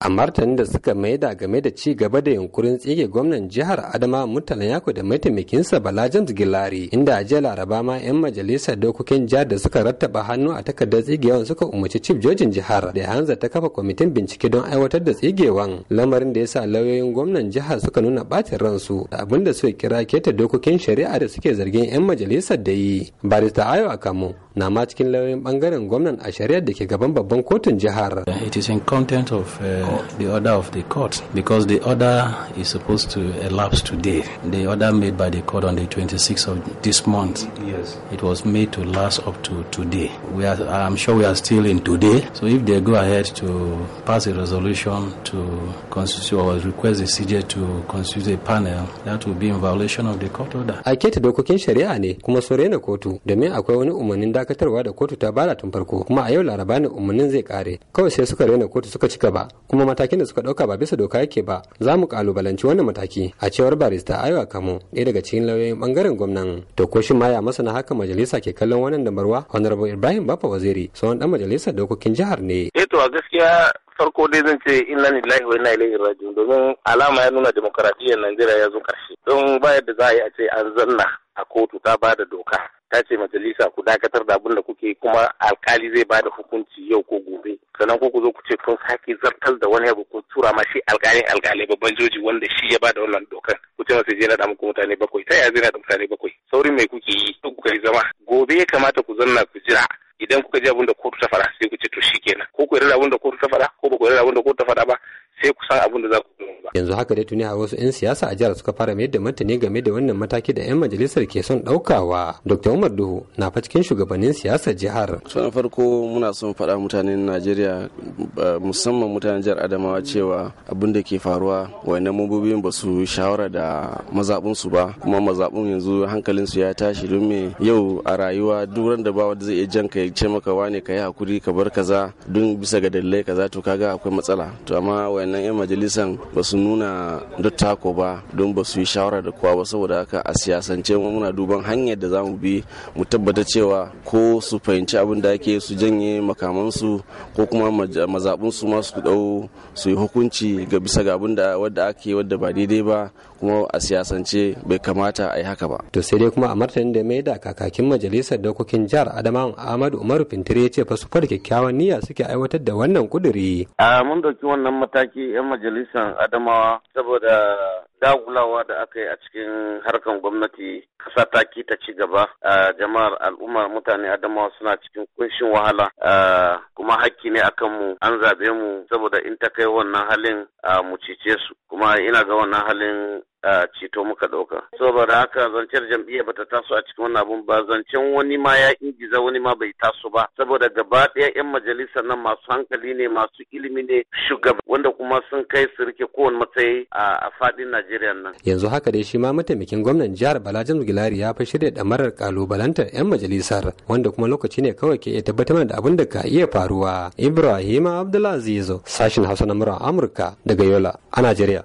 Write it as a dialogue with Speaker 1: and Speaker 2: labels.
Speaker 1: a martanin da suka maida game da ci gaba da yunkurin tsige gwamnan jihar adama murtala yako da mataimakinsa bala james gilari inda a jiya laraba ma yan majalisar dokokin jihar da suka rattaba hannu a takardar tsigewan suka umarci chief jojin jihar da hanza ta kafa kwamitin bincike don aiwatar da tsigewan lamarin da ya sa lauyoyin gwamnan jihar suka nuna bacin ransu da abin da suka kira keta dokokin shari'a da suke zargin yan majalisar da yi barista ayo akamu na ma cikin lauyoyin bangaren gwamnan a shari'ar da ke gaban babban kotun jihar.
Speaker 2: the order of the court because the order is supposed to elapse today. The order made by the court on the 26th of this month. Yes. It was made to last up to today. We are, I'm sure we are still in today. So if they go ahead to pass a resolution to constitute or request the CJ to constitute a panel, that will be in violation of the court order.
Speaker 1: I keta dokokin shari'a ne kuma su raina kotu domin akwai wani umarnin dakatarwa da kotu ta bada tun farko kuma a yau laraba ne umarnin zai kare kawai sai suka raina kotu suka ci kuma kuma matakin da suka dauka ba bisa doka yake ba za mu kalubalanci wannan mataki a cewar barista aiwa kamo ɗaya daga cikin lauyoyin bangaren gwamnan to ko shin ya masana haka majalisa ke kallon wannan damarwa honorable ibrahim bafa waziri sauran dan majalisar dokokin jihar ne eh to a
Speaker 3: gaskiya farko dai zan ce in inna lillahi wa na ilaihi raji'un domin alama ya nuna demokaradiyyar Najeriya ya zo karshe don ba yadda za a yi a ce an zanna a kotu ta ba da doka ta ce majalisa ku dakatar da abin da kuke kuma alkali zai ba da hukunci yau ko gobe sannan ko ku zo ku ce kun sake zartar da wani abu ko tura ma shi alƙalin alƙalai babban joji wanda shi ya ba da wannan dokan ku ce masa je na da muku mutane bakwai ta yaya zai da mutane bakwai saurin mai kuke yi ku kai zama gobe ya kamata ku zanna ku jira idan kuka ji abin da kotu ta fara sai ku ce to kenan ko ku yarda abin da kotu ta fara ko ba ku yarda abin da kotu ta fara ba
Speaker 1: sai ku san abin da za ku yanzu haka dai tuni a wasu 'yan siyasa a jihar suka fara mayar da martani game da wannan mataki da 'yan majalisar ke son ɗaukawa dr umar duhu na fa shugabannin siyasar jihar tun farko muna son faɗa mutanen najeriya musamman mutanen jihar adamawa
Speaker 2: cewa abin da ke faruwa wayannan mambobin ba su shawara da mazaɓun su ba kuma mazaɓun yanzu hankalin su ya tashi don me yau a rayuwa duran da ba wanda zai iya jan ka ce maka wane ka yi hakuri ka bar kaza don bisa ga dalilai kaza to kaga akwai matsala to amma wayannan 'yan majalisan ba su sun nuna tako ba don ba su yi shawara da kowa ba saboda haka a siyasance muna duban hanyar da za mu bi mu tabbata cewa ko su fahimci abin da ake su janye makamansu ko kuma mazaɓinsu ma su ɗau su yi hukunci ga bisa ga abin da wadda ake wadda ba daidai ba kuma a siyasance bai
Speaker 1: kamata a yi haka ba. To sai dai kuma a martanin da mai da kakakin majalisar dokokin jihar Adamawa Ahmadu Umaru Fintiri ya ce fa su fara kyakkyawan niyya suke aiwatar da wannan kuduri.
Speaker 4: A mun dauki wannan mataki 'yan majalisar Adamawa adamawa saboda dagulawa da aka yi a cikin harkar gwamnati kasa ta ki ta ci gaba a jama'ar al'ummar mutane adamawa suna cikin kunshin wahala kuma hakki ne akan mu an zabe mu saboda in ta kai wannan halin mu cice su kuma ina ga wannan halin a ceto muka ɗauka. Saboda haka zancen jam'iyyar bata taso a cikin wannan abun ba zancen wani ma ya ingiza wani ma bai taso ba saboda gaba ɗaya 'yan majalisar nan masu hankali ne masu ilimi ne shugaba wanda kuma sun kai su rike kowane matsayi a faɗin Najeriya nan.
Speaker 1: Yanzu haka dai shi ma mataimakin gwamnan jihar Bala James Gilari ya fi shirya damarar kalubalantar 'yan majalisar wanda kuma lokaci ne kawai ke iya tabbatar da abin da ka iya faruwa. Ibrahim Abdulaziz sashin Hausa na Amurka daga Yola a Najeriya.